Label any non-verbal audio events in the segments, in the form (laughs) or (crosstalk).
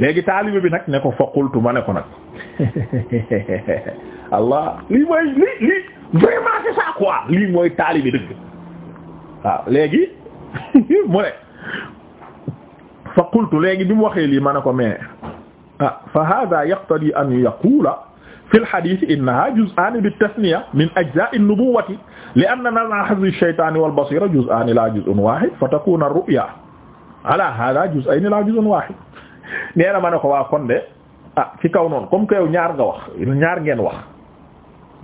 léegi taalibe bi nag ne ko fa qultu ma ne ko nag (laughs) allah lii mooy lii lii vraiment c'est ça quoi lii mooy taalibe dëgg waaw léegi (laughs) mu ne fa qultu léegi bi mu waxee lii ma ne ko mais ah fa hada yaqtadi an yaqula fi lhadite innaha juz'aani bitasniya min ajza'i nubuwati li anna naz'a hazzi shaytaani wal basira juz'aani la juz'un wahid fa takuna ar-ru'ya ala hada juz'ayni la juz'un wahid nee na ma ne ko waa kon de ah ci kaw noonu comme que yow ñaar nga wax ñaar ngeen wax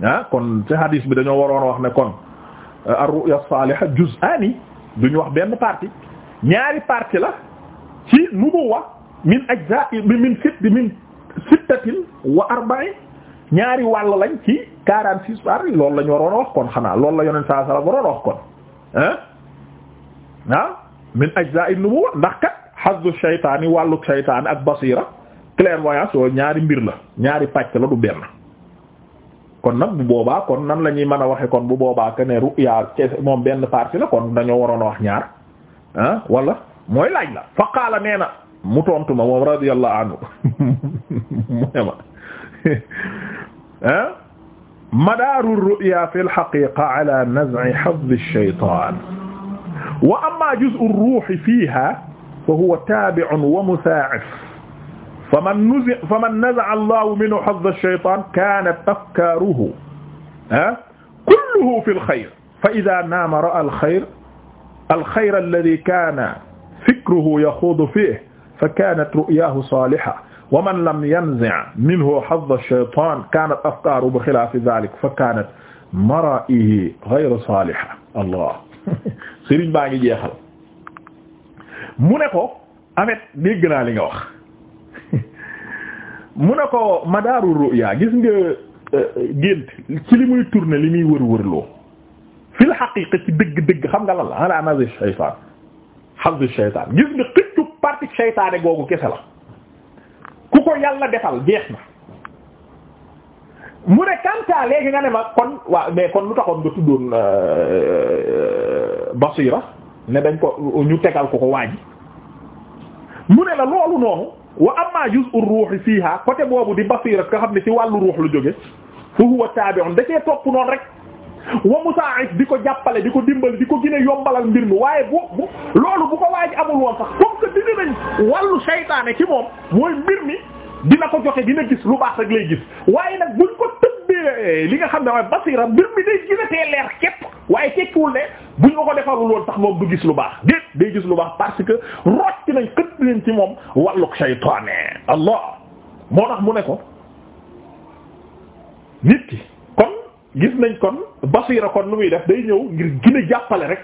ah kon ci hadis bi dañoo waroon wax ne kon euh, ar-ru'ya as-saliha juz'ani duñu wax benn partie ñaari partie la ci nubuwa min ajza'i min sitt min sittatin wa arba'in ñaari wàll lañ ci quarante six parties loolu la waroon a wax kon xanaa loolu la yoneen saa sala waroon a wax kon ah, ah min ajza'i nubuwa ndax kat hazzu shaytaani wàlluk shaytaan ak basira clairvoyance yooyu ñaari mbir la ñaari pàcc la du benn kon nag bu boobaa kon nan la ñuy mën a waxe kon bu boobaa que ne ru'ya moom benn partie la kon dañoo waroon a wax ñaar ah wala mooy laaj la fa qaala nee na mu tontu ma moom radiyallahu anhu (laughs) mu ne ma (laughs) ah madaaru ru'ya fi al-haqiqa ala naz'i hadd ash-shaytan wa amma juz'u ar-ruh fiha fa huwa taabi'un wa musaa'if fa man nuzi fa man naza'a Allahu minhu hazza ash-shaytaan kaanat afkaaruhu ah kulluhu fil xayr fa izaa naama ra'a al-xayr al-xayr alladii kaana fikruhu yaxuudu fiihi fa kaanat ru'yaahu saalihatan wa man lam yanzi' minhu hazza ash-shaytaan kaanat afkaaruhu bi xilaafi zaalika fa kaanat maraa'ihi xayru saaliha Allah Serigne (laughs) baa ngi jeexal mu ne ko amet dégg naa li nga wax (laughs) mu ne ko madaaru ru'ya gis nga euh, gént ci li muy turne li muy wër wërloo fil haqiqa ci dëgg dëgg xam nga lan la ala nazi shaytan hazz shaytan gis nga xëccu la ku yàlla defal jeex mu ne kantaa léegi nga kon waaw mais kon lu taxoon nga tuddoon euh, euh, basira ne dañ ko ñu tegal ko ko waaj mu ne la loolu noonu wa amma juz'u ruuhi fiha côté boobu di basira nga xam ne si wàllu ruux lu jóge fa huwa tabi'un da cee topp noonu rek wa musaa'id di ko jàppale di ko dimbali di ko gën yombalal mbir mi waaye bu bu loolu bu ko waaj amul woon sax comme que dindi nañ wàllu saytaane ki moom mooy mbir mi dina ko joxe dina gis lu baax rek lay gis waaye nag buñ ko tëbbee li nga xam ne mooy basira mbir mi day gën leer képp waaye tekkiwul ne buñ ma ko defarul woon sax moom du gis lu baax déet day gis lu baax parce que rocc nañ xëtt nañ ci moom wàlluk shaytaane allah moo tax mu ne ko nit ki kon gis nañ kon basira kon lu muy def day ñëw ngir gën a jàppale rek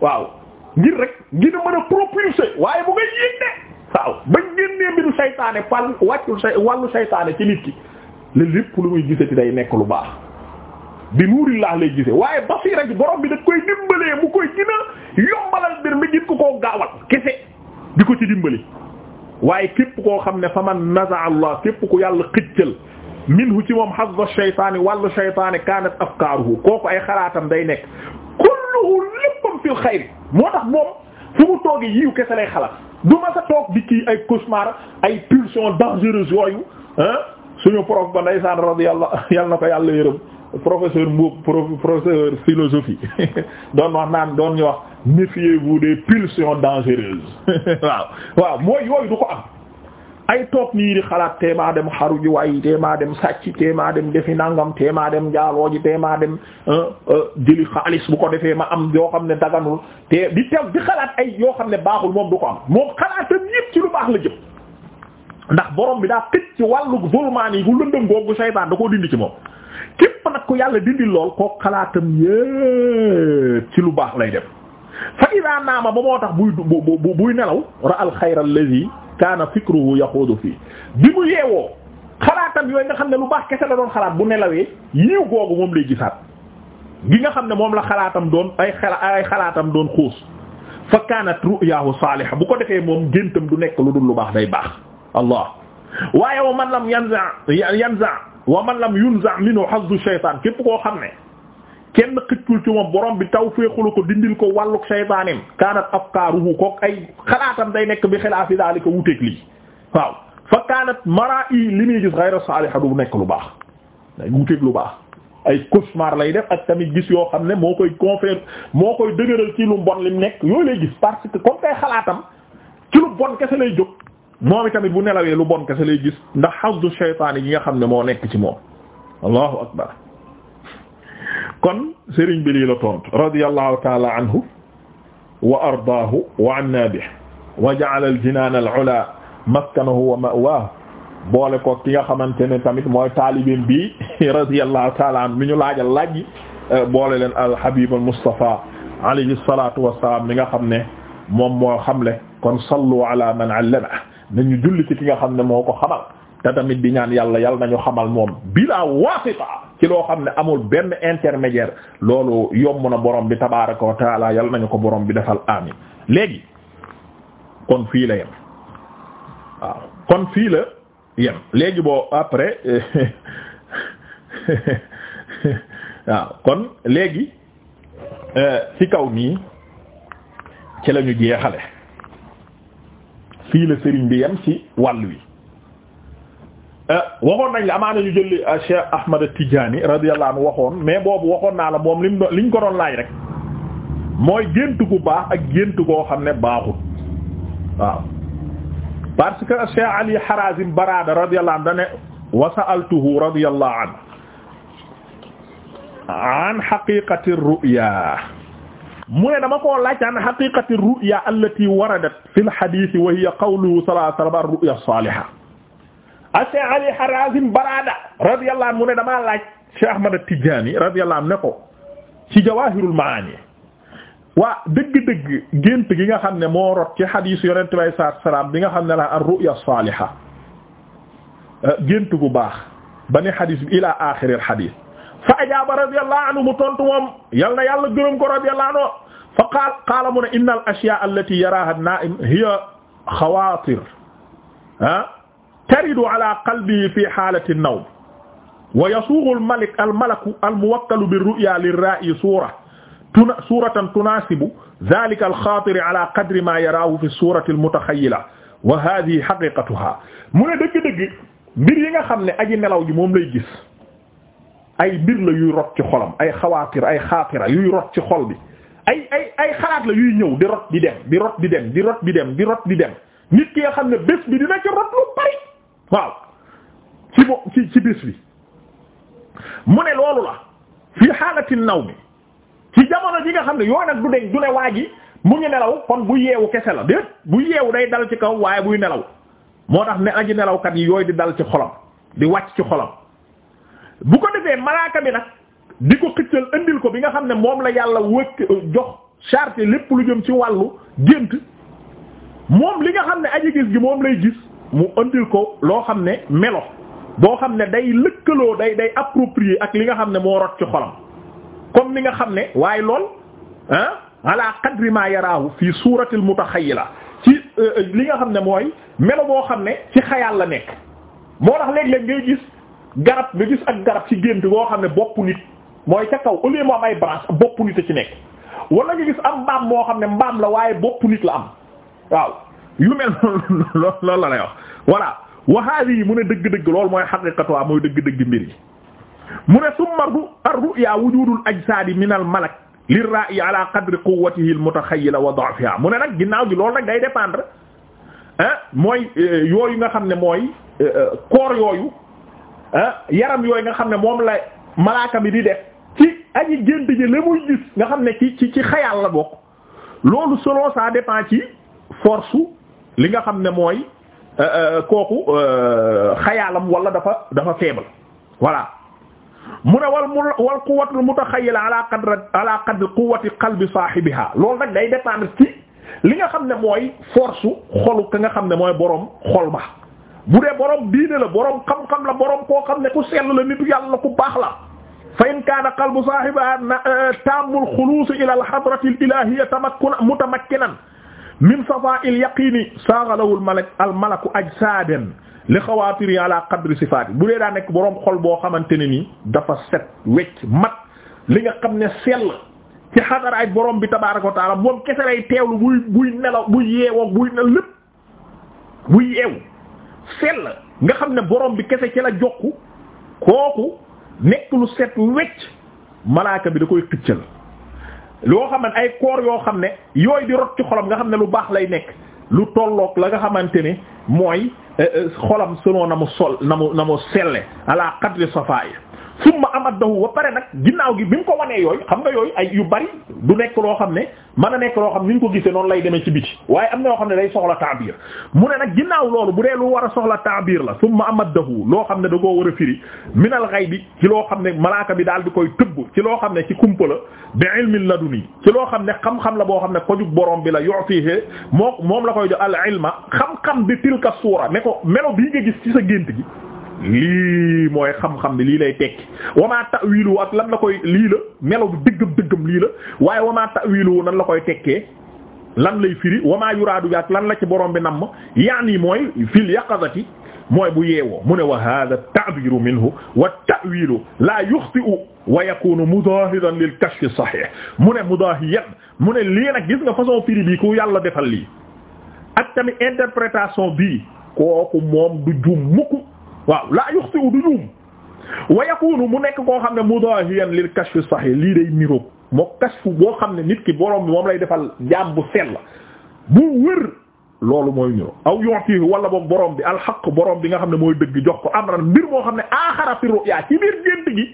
waaw ngir rek gën mën a propulser waaye bu ngay yéeg ne waaw ba génnee mbiru saytaane fal wàccul say wàllu saytaane ci nit ki la lépp lu muy gisati day nekk lu baax bi nuurillah lay gisee waaye basiira ji borom bi daf koy dimbalee mu koy gën a yombalal ko koo gaawal kese di ko ci dimbali waaye képp koo xam ne fa man naza allah képp ku yàlla xëccal minhu ci moom hazza shaytaani wàllu shaytaani kaanat afkaaruhu kooku ay xalaatam day nekk kulluhu léppam fil xayri moo tax moom fu lay xalaat du ma toog di kii ay cauchemar ay pulsions dangereuses yooyu ah suñu prof ba ndeysaan radiyallahu yal na ko yàlla yërëm professeur Mboup professeur philosophie (laughs) doon wax naan doon ñu wax méfiez-vous des pulsions dangereuses (laughs) waaw waaw mooy yooyu du ko am. ay toog nii xalaat tee maa dem xaru ji waaye maa dem sàcc tee maa dem defi nangam tee maa dem jaaloo ji tee maa dem euh, euh, jëli xaalis bu ko defee ma am yoo xam ne daganul te di tew di xalaat ay yoo xam ne baaxul moom du ko am moom xalaatam yépp ci lu baax la jëm ndax borom bi daa tëj ci wàllu zulmaan yi gu lëndëm googu saytaan da koo dindi ci moom képp nag ko yàlla dindi lool koo xalaatam yépp ci lu baax lay def fa ida naama ba moo tax buy bu buy nelaw ra al xayra allazi kaana fikruhu yaxuudu fii bi mu yeewoo xalaatam yooyu nga xam ne lu baax kese la doon xalaat bu nelawee yiw googu moom lay gisaat gi nga xam ne moom la xalaatam doon ay xalaatam doon xuus fa kaanat ru'yaahu saaliha bu ko defee moom géntam du nekk lu dul lu baax day baax allah waaye wa man lam yanza yanza wa man lam yunza minhu hazzu shaytaan képp koo xam ne kenn xëccul ci moom borom bi taw féexulu ko dindil ko wàlluk saytaanim kaanat afkaaruhu ko ay xalaatam day nekk bi xilaafi daalika wuteek lii waaw fa kaanat mara i li muy gis ghayra saaliha du nekk lu baax day wuteek lu baax ay cauchemar lay def ak tamit gis yoo xam ne moo koy confère moo koy dëgëral ci lu bon lim nekk yooyu lay gis parce que comme kay xalaatam ci lu bon kese lay jóg moom tamit bu nelawee lu bon kese lay gis ndax xasdu shaytaan yi nga xam ne moo nekk ci moom allahu kon sëriñ bi lii la tontu radiyallahu taala anhu wa ardaahu wa anna bihi wa ja'ala al-jinaan al-'ulaa maskanahu wa ma'waahu boole ko ki nga xamante ne tamit mooy taalibin bi (laughs) radiyallahu taala anhu mi ñu laajal laaj eh, boole leen al-Habiib al-Mustafa alayhi salaatu wa salaam mi nga xam ne moom moo xamle kon sallu ala man allama nañu julli ci ki nga xam ne moo ko xamal te tamit di ñaan yàlla yàlla nañu xamal moom bila waasita ci loo xam ne amul benn intermédiaire loolu yomb na borom bi tabaaraka wa yal nañu ko borom bi defal amin léegi kon fii la yem waaw kon fii la yem léegi boo après (laughs) waaw kon léegi euh, ci kaw nii ci lañu jeexale fii la sëriñ bi yem ci wàll wi Euh, waxoon nañ la amaana ñu jëli euh, Cheikh Ahmad Tidiane radiyallahu anhu waxoon mais boobu waxoon naa la moom lim liñ ko doon laaj rek mooy gént gu baax ak gént goo xam ne baaxut waaw parce que Cheikh Ali Harazim Barada radiyallahu anhu da ne wa sa'altuhu radiyallahu anhu an haqiqati ru'ya mu ne dama koo laaj an haqiqati ru'ya allati waradat fil hadith wa hiya qawluhu sallallahu alayhi wa sallam ar-ru'ya as-salihah ase ali harazim barada radiyallahu anhu mu ne damaa laaj Cheikh Ahmad Tidiane radiyallahu anhu ne ko ci jawahirul maani waa dëgg-dëgg gént gi nga xam ne moo rot ci hadith yonent bi alayhi salaatu wa salaam bi nga xam ne la ar-ru'ya as-saaliha gént gu baax ba ne hadith bi ila axiril hadith fa ajaaba radiyallahu anhu mu tontu moom yal na yàlla gërëm ko radiyallahu anhu fa qaal qaala mu ne inna al-ashyaa allati yaraaha an-naa'im hiya xawaatir ah taridu ala qalbi fi xaalati nawm wa yasuugu almalik almalaku almuwakkalu birru'ya lirra'i suura tuna suuratan tunaasibu zaalika alxaatiri ala qadri maa yaraahu fi suurati almutaxayyila wa haadihi xaqiiqatuhaa mu ne dëgg-dëgg mbir yi nga xam ne aji nelaw ji moom lay gis ay mbir la yuy rot ci xolam ay xawaatir ay xaatira yuy rot ci xol bi ay ay ay xalaat la yuy ñëw di rot di dem di rot di dem di rot di dem di rot di dem nit ki nga xam ne bés bi dina ci rot lu bari waaw ci bo ci ci bés bi mu ne loolu la fii xaalati naw bi ci jamono ji nga xam ne yooyu nag du deñ du ne waa ji mu ngi nelaw kon bu yeewu kese la déet bu yeewu day dal ci kaw waaye buy nelaw moo tax ne aji nelawkat yi yooyu di dal ci xolam di wàcc ci xolam bu ko defee malaaka bi nag di ko xëccal indil ko bi nga xam ne moom la yàlla wëkk euh, jox chargé lépp lu jëm ci wàllu gént moom li nga xam ne aji gis gi moom lay gis mu andil ko loo xam ne melo boo xam ne day lëkkaloo day day approprié ak li nga xam ne moo rot ci xolam comme ni nga xam ne waaye lool ah ala qadri yaraawu fii suuratil mu tax la ci euh, li nga xam ne mooy melo boo xam ne ci xayaal la nekk moo tax léeg-léeg ngay gis garab nga gis ak garab ci gént boo xam ne bopp nit mooy ca kaw au lieu moo am ay branche bopp nit a ci nekk wala nga gis am mbaam moo xam ne mbaam la waaye bopp nit la am waaw yu mel (laughs) loolu la lay wax voilà waxaadi yi mu ne dëgg-dëgg loolu mooy xaqiqatu waa mooy dëgg-dëgg mbir mu ne summa ar-ru'ya wujudul ajsaadi min al malak lirra'i ala qadri quwwatihi al mutaxayyila wa da'fiha mu ne nag ginnaaw gi loolu nag day dépendre ah mooy euh, yooyu nga xam ne mooy euh, koor yooyu yaram yooyu nga xam ne moom la malaaka mi di def ci aji gént ji la muy gis nga xam ne ci ci ci xayaal la bokk loolu selon ça dépend ci force li nga xam ne mooy Euh, euh, kooku euh, xayaalam wala dafa dafa faible voilà mu ne wal wal quwwatul mutaxayyila ala qadri ala qadri quwwati qalbi saahibiha loolu nag day dépendre ci li nga xam ne mooy force xolu ka nga xam ne mooy borom xol ba bu dee borom diine la borom xam-xam la borom koo xam ne ku sell la nitu yàlla la ku baax la fa in kaana qalbu saahibiha tammul xuluus ila al hadrati al ilaahiyya tamakkuna mutamakkinan min safa il yaqini saagalawul malak al malaku ajsaaden li xawaatiri ala qadri sifaati bu dee daa nekk boroom xol boo xamante ne nii dafa set wecc mat li nga xam ne sell ci xadara borom bi tabaaraka wa taala moom kese lay teewlu buy buy nelaw buy yeewoo buy nelaw lépp buy yeew sell nga xam ne borom bi kese ci la jokku kooku nekk lu set wecc malaaka bi da koy xiccal loo xaman ay koor yoo xam ne yooyu di rot ci xolam nga xam ne lu baax lay nekk lu tolloog la nga xamante ne mooy eh, eh, xolam sunoo na mu sol na mu na mu selle ala qadri safa'i summa maddahu ba pare nag ginnaaw gi bi mu ko wanee yooyu xam nga yooyu ay yu bari du nekk loo xam ne man a nekk loo xam ne ni ñu ko gisee noonu lay demee ci biti waaye am na yoo xam ne day soxla ta'bir mu ne nag ginnaaw loolu bu dee lu war a soxla ta'bir la summa amaddahu loo xam ne da koo war a firi minal bi ci loo xam ne malaaka bi daal di koy tëbb ci loo xam ne ci kumpa la bi ilmin laduni ci loo xam ne xam-xam la boo xam ne kojug borom bi la yu'tihi moo moom la koy jox al ilma xam-xam bi tilka suura ne ko melo bii gis ci sa gént gi lii mooy xam-xam bi lii lay tekki wamaa ta'wilu ak lan la koy lii la melo bi dëggam dëggam lii la waaye wamaa ta'wilu nan la koy tekkee lan lay firi wamaa yuraadu bi ak lan la ci borom bi nam yaani mooy fil yaqazati mooy bu yeewoo mu ne wa hadha ta'biru minhu wa ta'wilu la yukhti'u wa yakunu mudahidan lil kashfi sahih mu ne mudahiyan mu ne lii nag gis nga façon firi bi ku yàlla defal lii ak tamit interprétation bii kooku moom du jum mukk waaw laa yuxti'u du juum wa yakunu mu nekk koo xam ne mudahiyan lil kashf sahih lii day niroog moo kashfu boo xam ne nit ki borom bi moom lay defal jaam bu sell bu wër loolu mooy niroog aw yu'tihi wala boog borom bi alxaq borom bi nga xam ne mooy dëgg jox ko amran mbir moo xam ne aaxara fi ru'ya ci biir gént gi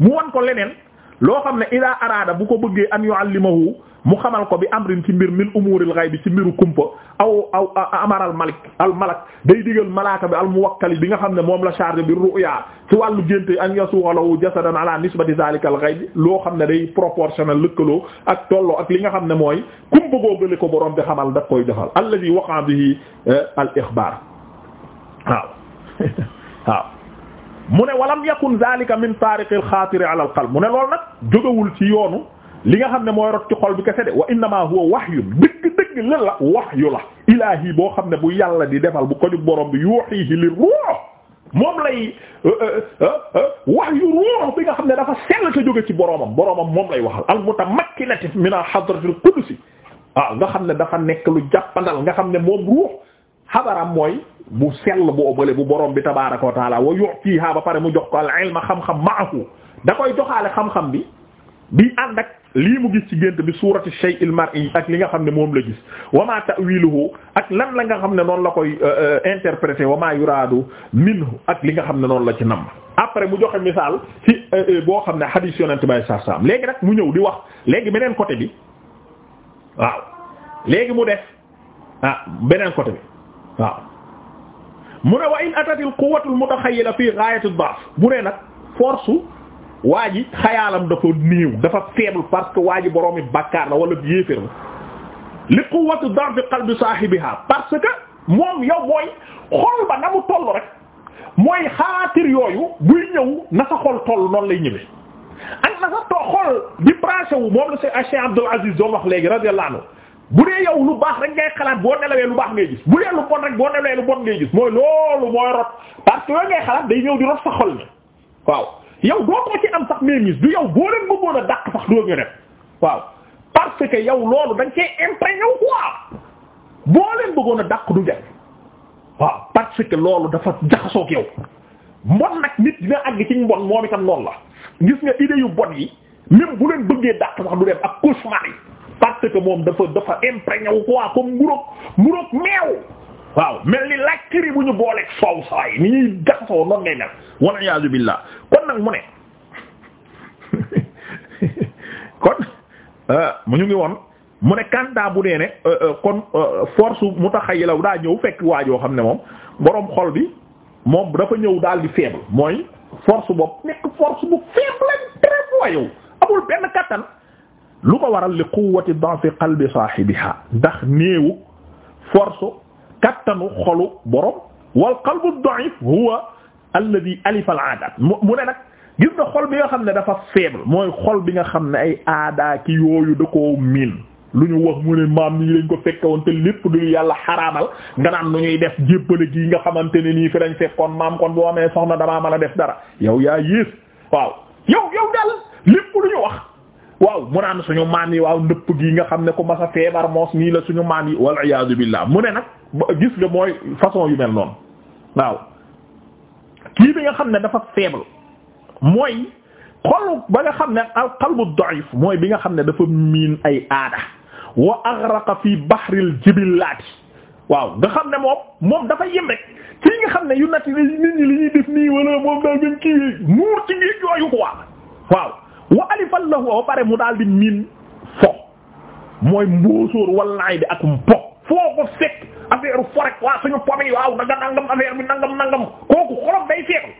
mu wan ko leneen loo xam ne ila araada bu ko bëggee an yu'allimahu mu xamal ko bi amrin ci mbir min umuril ghaib ci mbiru kumpa aw aw amaral malik al malak day digal malaaka bi bi nga xam ne moom la chargé bi ru'ya ci wàllu génte an yasuxalawu jasadan ala nisbati zalika al ghaib loo xam ne day proportionnel lëkkaloo ak tolloo ak li nga xam ne mooy kumpa googale ko borom bi xamal daf koy defal alladhi waqa bihi eh, al ikhbar (laughs) waaw mu ne walam yakun zalika min tariqil xaatiri ala al mu ne loolu nag ci yoonu li nga xam ne mooy rot ci xol bi kese de wa innama huwa wahyu dëgg-dëgg la la la ilaahi boo xam ne bu yàlla di defal bu ko ñu borom bi yuhihi li ruux moom lay euh, euh, euh, wahyu ruux bi nga xam ne dafa sell te jóge ci boromam boromam moom lay waxal al mutamakkinati min al hadratil qudsi waaw ah, nga xam ne dafa nekk lu jàppandal nga xam ne moom ruux xabaram mooy bu sell bu obale bu borom bi tabaaraka wa taala wa yu'tiha ba pare mu jox ko al ilma xam-xam m da koy joxaale xam bi bi lii mu gis ci gént bi suurati shay'il mar'i ak li nga xam ne moom la gis waa ma ta'wiluhu ak lan la nga xam ne noonu la koy euh, euh, interpréter wa ma yuraadu minhu ak li nga xam ne noonu la ci nam après mu joxe misaal ci euh, boo xam ne hadith yonent bay saa saam léegi nag mu ñëw di wax léegi beneen côté bi waaw léegi mu def ah beneen côté bi waaw mu ne wa in atatil quwwatul mutaxayyila fi ghaayati ad-da'f bu ne nag force waa ji xayaalam dafa néew dafa faible parce que waa ji boroomi bàkkaar la wala yéefér la li quwwati darbi qalbi saahibiha parce que moom yow mooy xol ba na mu toll rek mooy xaatir yooyu buy ñëw na sa xol toll noonu lay ñëwee ak na sa to xol di branché wu moom la Cheikh Abdul Aziz doon wax léegi radiyallahu anhu bu dee yow lu baax rek ngay xalaat boo nelawee lu baax ngay gis bu dee lu bon rek boo nelawee lu bon ngay gis mooy loolu mooy rot parce day ñëw di rot sa xol yow doo ko ci am sax mémis du yow boo leen bëggoon a dàq sax doo ko def waaw parce que yow loolu dañ cee imprégné wu quoi boo leen bëggoon a dàq du def waaw parce que loolu dafa jaxasoo ak yow mbon nag nit dina àgg ci mbon moom itam noonu la gis nga idée yu bon yi même bu leen bëggee dàq sax du dem ak cauchemar yi parce que moom dafa dafa imprégné wu quoi comme mburoog mburoog meew. waaw mel ni lakkiri bu ñu booleeg soow sawaay ni ñuy jaxasoo noonu ngay mel wal iyaazu billah kon nag mu ne (laughs) kon mu euh, ñu ngi woon mu ne kantaa bu dee ne euh, euh, kon force mutaxayyila daa ñëw fekk waajoo xam ne moom boroom xol bi moom dafa ñëw daal di faible mooy force bopp nekk force bu faible très voyou amul benn kattan lu ko waral li quwwati da'fi qalbi saahibiha ndax néewu force kattanu xolu borom wal qalbu da'if huwa alladhi alifa al mu ne nag gis nga xol bi nga xam ne dafa faible mooy xol bi nga xam ne ay aadaa ki yooyu da ko miin lu ñu wax mu ne maam nii lañ ko fekke woon te lépp du yàlla xaraamal nga naan nu ñuy def jébbale gi nga xamante ne nii fi lañ fekkoon maam kon boo amee soxna damaa mën a def dara yow yaa yées waaw yow yow daal lépp lu ñu wax waaw mu naan suñu maam yi waaw ndëpp gi nga xam ne ku ma a feebar moos nii la yi wal iyaadu mu ne nag gis nga mooy façon yu mel noonu waaw kii bi nga xam ne dafa faible mooy xol ba nga xam ne al qalbu da'if mooy bi nga xam ne dafa miin ay aada wa aghraqa fi bahril jibillaati waaw nga xam ne moom moom dafa yem rek kii nga xam ne yu natti nit ñi li ñuy def nii wala moom daal même kii nuur ci ngi jooyu quoi waaw wa alifal lahu wa pare mu daal di miin fo mooy mbóosóor walaay bi ak mpo foo ko fekk affaire forek waa suñu pomme yi waaw nanga nangam affaire bi nangam nangam kooku xolam day feeru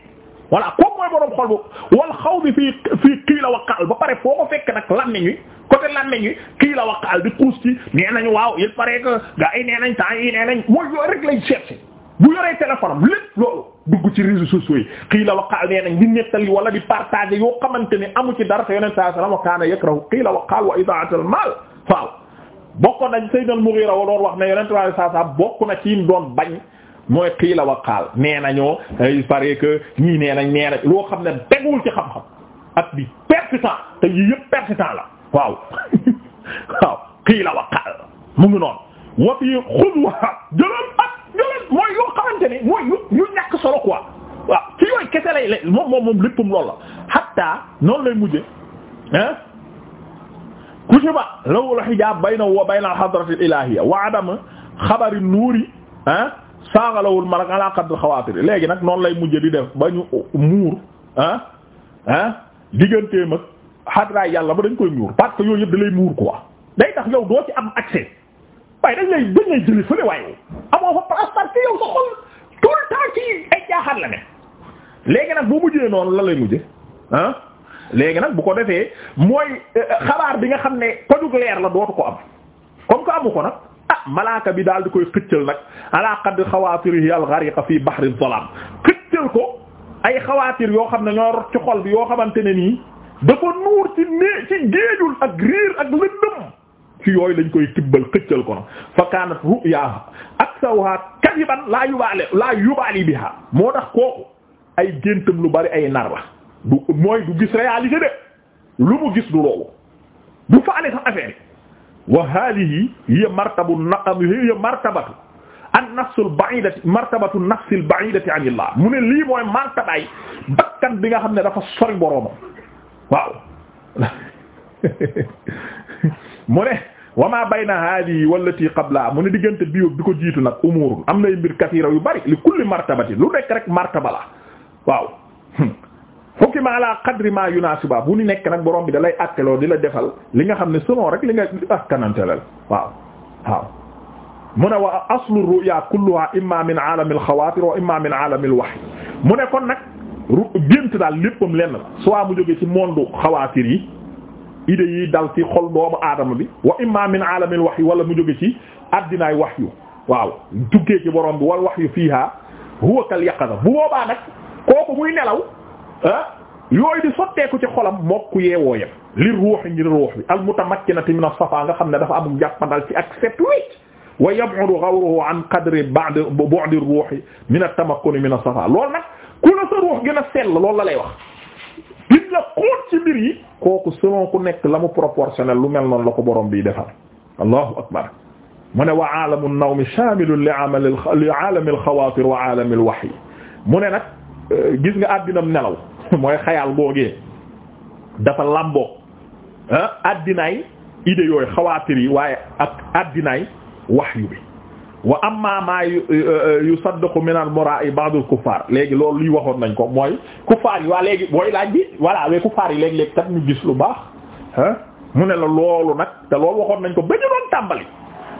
voilà kooku mooy borom xol bu wal xaw bi fii fii kii la waqaal ba pare foo ko fekk nag làmmiñ wi côté làmmiñ wi kii la waqaal di puus ci nee nañu waaw il paraît que gars yi nee nañ temps yi nee nañ mooy yooyu rek lay bu yoree téléphone am lépp loolu dugg ci réseaux sociaux yi kii la waqaal nee nañ di nettali wala di partager yoo xamante ne amu ci dara te yonent saa salaam wa kaana yakrahu kii la waqaal wa idaatul maal waaw. bokkoon nañ Sayyidul Mughira wa doon wax ne yonent sallallahu alayhi wasallam bokk na ci doon bañ mooy la wa xaal nee nañoo il paraît que ñii nee nañ nee nañ loo xam ne degul ci xam-xam ak bi pertinent te yii yëpp pertinent la waaw (laughs) waaw la wa xaal mu ngi noonu wa fi xudwa jëloon ak jëloon mooy yoo xamante ni mooy yu yu ñàkk solo quoi waaw ci yooyu kese lay moom moom moom léppam loolu la hatta noonu lay mujje ah kutiba lahu al-hijaab baynahu wa bayna al-hadrati al-ilaahiyya wa adam xabari nuuri ah saagalawul marag ala qadr xawaatiri léegi nag noonu lay mujje di def ba ñu muur ah ah digganteem ak xadraay yàlla ba dañ koy muur parce que yooyu yëpp da lay muur quoi day tax yow doo ci am accès waaye dañ lay dañ lay jëli fële waaye amoo fa place parce que yow sa xol tout le temps ci ay bu mujjee noonu la lay mujjee ah. léegi nag bu ko defee mooy euh, euh, xabaar bi nga xam ne kojug leer la dootu ko am comme que amu ko nag ah malaaka bi daal di koy xëccal nag ala qad xawaatirihi al-ghariqa fi bahri zalaam xëccal ko ay xawaatir yoo xam ne ñoo rot xol bi yoo xamante ne nii dafa nuur ci nee ci géejul ak riir ak lëndëm ci yooyu lañ koy tibbal xëccal ko nag fa kaanat ru'ya aksawha kadiban laa yubaale laa yubaali biha moo tax kooku ay géntam lu bari ay nar la du mooy gis réalité de lu mu gis du loolu du faale sax affaire wa hadihi hiya martabu hiya martabatu an nafsul ba'idati martabatu nafsil ba'idati anillah mu ne lii mooy martabaay bakkan bi nga xam ne dafa sori boroomam waaw (laughs) mu ne wa ma bayna hadihi wallati qabla mu ne diggante bi bi ko jiitu nag am nay mbir kasiira yu bari li kulli martabati martaba la hukima ala qadri ma yunasiba bu ni nekk nag borom bi da lay atteloo di la defal li nga xam ne selon rek li nga askanante lal waaw waaw mu ne wa aslu ru'ya kulluha imma min alamil xawaatir wa imma min alamil wahy mu ne kon nag gént daal léppam lenn la soit mu jóge ci monde xawaatir yi idées yi dal ci xol doomu aadama bi wa imma min alamil wahyi wala mu jóge ci addinaay wahyu waaw tukkee ci borom bi wal wahyu fiiha huwa kal yaqaza bu boobaa nag kooku muy nelaw ah yooyu di sotteeku ci xolam mokk yeewoo yam li ruux ngir ruux bi al mutamakkinati min as-safa nga xam ne dafa amum jàppandal ci ak set wecc wa yab'udu ghawruhu an qadri ba'd bu'd ar-ruuhi min at-tamakkuni min as-safa loolu nag ku la sa wax gis yi kooku selon ku nekk la mu proportionnel lu mel noonu la ko borom bi defal allahu akbar mu ne wa aalamu an-nawmi shaamilun li amal li aalami al-xawaatir wa aalami al-wahyi mu ne nag gis nga mu nelaw (laughs) mooy xayal googee dafa làmboo ah addinaay idées yooyu xawaatir yi waaye ak addinaay wahyu bi wa amma ma yusaddaqu min al-mura'i ba'd al-kuffar léegi loolu luy waxoon nañ ko mooy kuffar yi waa léegi booy laaj bi voilà we kuffar yi léegi-léegi kat ñu gis lu baax ah mu ne la loolu nag te loolu waxoon nañ ko ba ñu doon tàmbali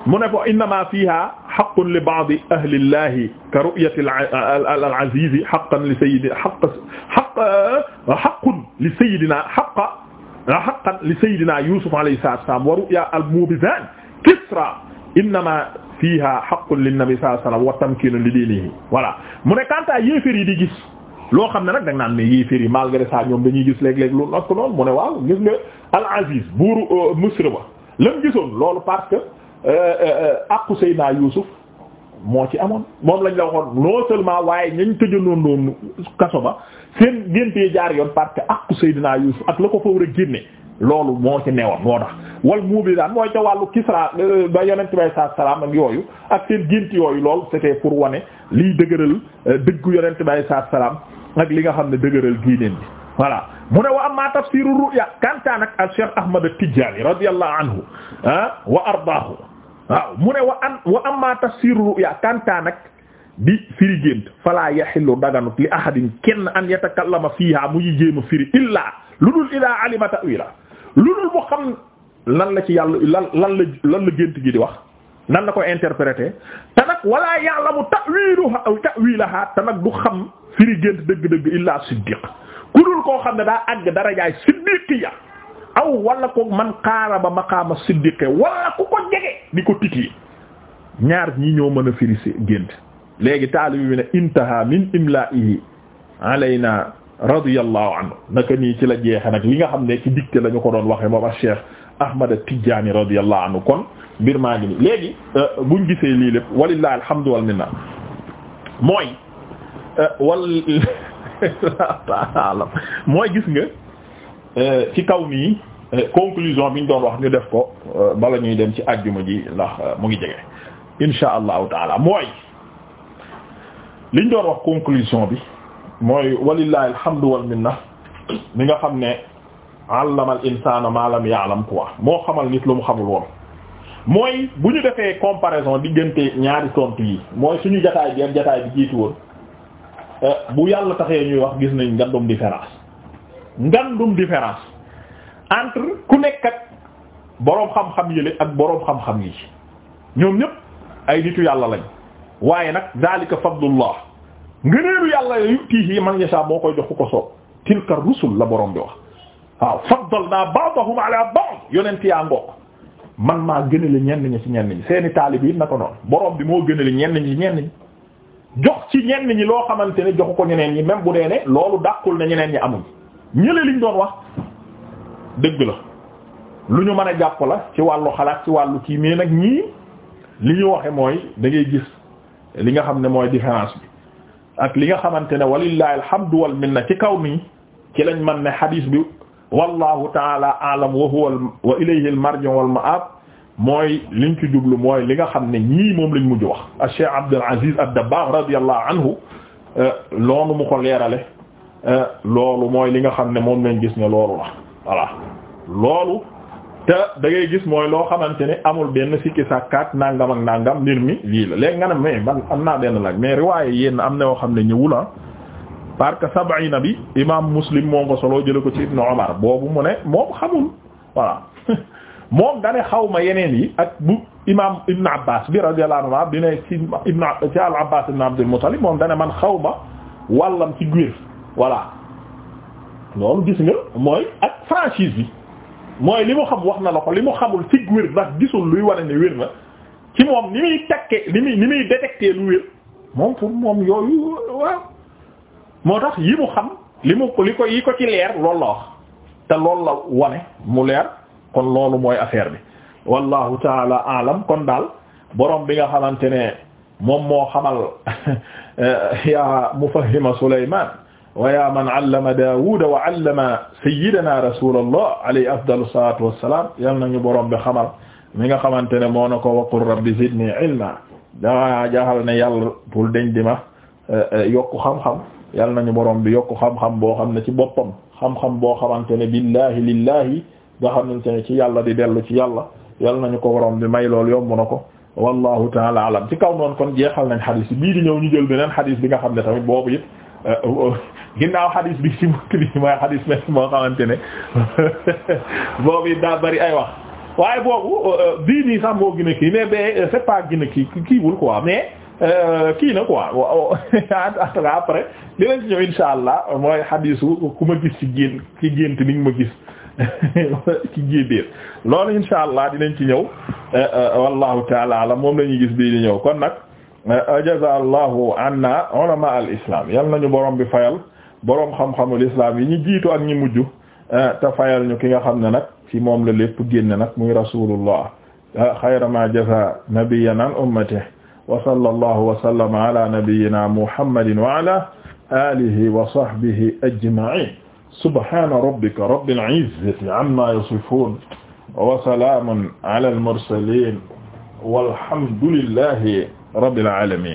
mu ne ko innama fiha haqqun li ba'di ahli llahi ka ru'yati al-azizi haqqan li sayyidi haqq xaq xaqun li sayidina xaqa xaqan li sayidina Yuusuf alayhi salaatu wa salaam wa ru'ya al-mubizaan Kisra innama fiiha xaqun linnabi sallallahu alayhi wa sallam wa tamkiinun li diinihi voilà mu ne quant à yéefér yi di gis loo xam ne nag da nga naan ne yéefér yi malgré ça ñoom dañuy gis léeg-léeg loolu ak noonu mu ne waaw gis nga al-Aziz buuru euh, Misr ba lam gisoon loolu parce que euh, euh, àqu Seydina Yuusuf moo ci amoon moom lañ la waxoon non seulement waaye ñañ tëjanoon doon kaso ba seen géntee jaar yoon parce que akku Seydina Yuusuf ak la ko fa war a génne loolu moo ci newoon moo tax wal muubi daan mooy ca wàllu Kisra ba yonent bay saa salaam ak yooyu ak seen gént yooyu loolu c'était pour wane lii dëgëral euh, dëggu yonent bay saa salaam ak li nga xam ne dëgëral diineen bi voilà mu ne wa amma tafsiru ru'ya kanta nag al Cheikh Ahmad at-Tijani radiyallahu anhu ah wa ardaahu waaw mu ne wa an wa amma tafsiru ru'ya kanta nag di firi gént fala yaxillu daganut li ahadin kenn an yatakallama fiiha muy jéema firi illaa lu dul ila alima ta'wila lu dul mu xam lan la ci yàlla lan lan la lan la gént gi di wax nan la ko interpréter te nag wala ya'lamu ta'wiluha aw ta'wilaha te nag du xam firi gént dëgg-dëgg illaa siddiq ku dul koo xam ne daa àgg darajaay siddiqiya aw wala ko man qaaraba maqaama siddiqe wala ku ko jege di ko tiki ñaar ñi ñoo mën a firi gént léegi taalibi bi ne intaha min imla'ihi alayna radiyallahu anhu naka nii ci la jeexe nag li nga xam ne ci dicté la ko doon waxe moom ak Cheikh Ahmad Tidjani radiyallahu anhu kon mbir maa ngi ni léegi euh, gisee lii lépp walillahi alhamdu wal minna mooy euh, wal taala (laughs) mooy gis nga euh, ci kaw nii conclusion bi ñu doon wax ñu def ko bala ñuy dem ci àjjuma ji ndax mu ngi jege insha allahu taala mooy liñ doon wax conclusion bi mooy walillahi alhamdu wal minna ni nga xam ne allama al insana ma lam ya'lam quoi moo xamal nit lu mu xamul woon mooy bu ñu defee comparaison diggante ñaari tontu yi mooy suñu jataay bi jataay bi jiitu woon eh, bu yàlla taxee ñuy wax gis nañ ngandum différence ngandum différence entre ku nekk ak boroom xam-xam yële ak boroom xam-xam yi ñoom ñëpp ay nitu yàlla lañ waaye nag zalika fadlullah ngëneelu yàlla yutihi man yasha moo koy jox ko ko soob tilka rusul la borom bi wax waaw faddalna ba'dahum ala ba'd yonent yaa ngoog man maa gënale ñenn ñi ci ñenn ñi seeni taalibe yi na ko noonu borom bi moo gënale ñenn ñi ci ñenn ñi jox ci ñenn ñi loo xamante ne joxu ko ñeneen ñi même bu dee ne loolu dàqul na ñeneen ñi amul ñële liñ doon wax dëgg la lu ñu mën a jàpp la ci wàllu xalaat ci wàllu kii mais nag ñi li ñu mooy da ngay li nga xam ne mooy différence bi ak li nga xamante ne walillahi alhamdu wal minna ci kaw nii ci lañ man ne hadis bi wallahu taala alam wa huwa wa ilayhi al marji wal ma'ab mooy liñ ci jublu mooy li nga xam ne ñii moom lañ mujj wax a Cheikh Abdul Aziz ad-Dabbagh radiyallahu anhu euh, loolu mu ko leerale euh, loolu mooy li nga xam ne moom lañ gis ne loolu la loolu te da ngay gis mooy loo xamante ne amul benn sikki sàkkaat nangam ak nangam mbir mi lii la léegi nga ne mais am naa benn laaj mais riwaaye yéen am na yoo xam ne ñëwul ah parce que sab'ina bi imaam muslim moo ko soloo jële ko ci ibnu Umar boobu mu ne moom xamul voilà (laughs) moom dane xaw ma yeneen yi ak bu imaam ibnu Abbas bi radiyallahu anhu bi ne ci ibnu ci al Abbas ibnu Abdul Muttalib moom dane man xaw ma wàllam ci guir voilà loolu gis nga mooy ak franchise bi mooy li mu xam wax na la ko li mu xamul fig wér ndax gisul luy wane ne wér na ci moom ni muy takke ni muy ni lu wér moom pour moom yooyu waaw moo tax yi mu xam li mu li ko yi ko ci leer loolu la wax te loolu la wane mu leer kon loolu mooy affaire bi wallahu taala alam kon daal boroom bi nga xamante ne moom moo xamal (laughs) yaa mufahima Sulaymaan wa yaa man allama Daawuda wa allama sayyidina rasulallah alayhi afdalu salaatu wa salaam yal nañu borom bi xamal mi nga xamante ne moo na ko wa qul rabbi zidni ilma daa jaaxal ne yàlla bul deñ di ma eh, eh, yokku xam-xam nañu borom bi yokku xam boo xam ne ci boppam xam-xam boo xamante ne billahi lillahi nga xamante ne ci yàlla di dellu ci yàlla yal nañu ko borom bi may lool yomb na ko. wallahu taala alam ci kaw noonu kon jeexal nañ xadis bii di ñëw ñu jël beneen xadis bi nga xam ne tamit boobu eh, ginnaaw xadis bi ci bokk bi mooy xadis benn moo xamante ne (laughs) boobu it daa bari ay wax waaye boobu euh, bii nii sax moo gën a kii mais mais euh, c'est pas gën a kii kiiwul quoi mais euh, kii na quoi (laughs) en tout cas après dinañ ci ñëw insha allah mooy xadisu ku ma gis ci génn ci gént ni nga ma gis (laughs) ci gébiir loolu insha allah dinañ ci ñëw wallahu taala alam moom la ñuy gis kon nag ajaza allahu anna ulama al islam yal nañu borom bi fayal boroom xam-xamu lislaam yi ñi jiitu ak ñi mujj eh, te fayal ñu ki nga xam ne nag ci moom la lépp génn nag muy rasulullah eh, xayra ma jaza nabiyyan an ummatihi wa sallallahu wa sallama ala nabiyyina muhammadin wa ala alihi wa sahbihi ajma'in subhana rabbika rabbil izzati amma yasifun wa salamun ala al mursalin walhamdulillahi rabbil alamin